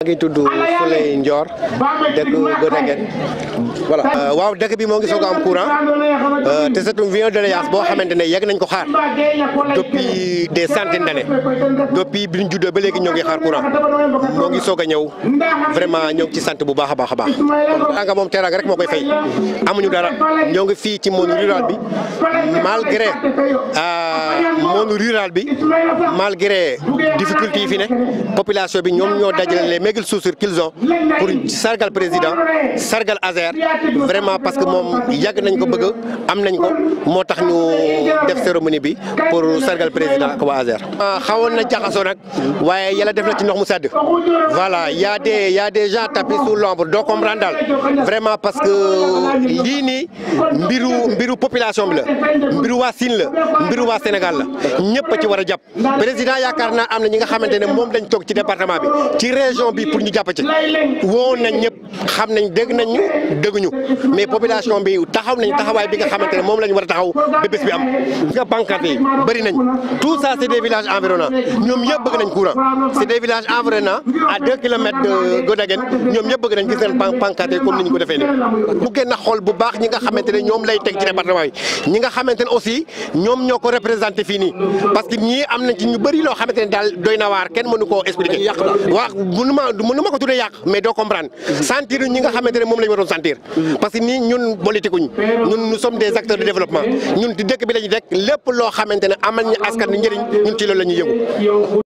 maa ngi tudd Fouleye Ndior euh, waaw dëkk bi moo ngi soog am courant euh, te c'est une vieille doléance boo xamante ne yegg nañ ko xaar depuis des centaines d'années depuis bi ñu juddoo ba léegi ñoo ngi xaar courant moo ngi soog a ñëw vraiment ñoo ngi ci sant bu baax a baax a baax teraanga moom teraanga rek moo koy fay amuñu dara ñoo ngi fii ci monde rural bi malgré euh, monde bi malgré difficulté yi fi ne population bi ñoom ñoo dajale bégul suusur qu'ils ont pour sargal président vraiment parce que moom yàgg nañ ko bëgg am nañ ko moo tax ñu def cérémonie bi pour sargal président ak waa Azer. xawoon na jaxasoo nag waaye yàlla def na ci ndox mu sedd voilà y a des y gens tapis sous l'ombre doo comprendre daal vraiment parce que lii mbiru mbiru population bi la mbiru waa sin la mbiru waa Sénégal la ñëpp ci war a jàpp président yaakaar naa am na ñi nga xamante moom lañ toog ci département bi ci région bi. bi pour ñu jàpp ci woo nañ ñëpp xam nañ dégg nañ ñu dégguñu mais population bi taxaw nañ taxawaay bi nga xamante ne moom la ñu war a taxaw ba bés bi am nga pancarte yi bëri nañ tout ça c' est des villages ñoom yëpp bëgg nañ courant c' est des villages environnants deux kilomètres de ñoom yëpp bëgg nañ gis seen pancarte ni ñu ko defee ni bu gën a xool bu baax ñi nga xamante ne ñoom lay teg ci département yi ñi nga xamante ne aussi ñoom ñoo ko représenté fii nii parce que ñii am nañ ci ñu bëri loo xamante ne daal doy na waar kenn mënu koo expliquer waaw mënu ma mënu ma ko tuddee yàq Nous nous sommes des acteurs de développement Nous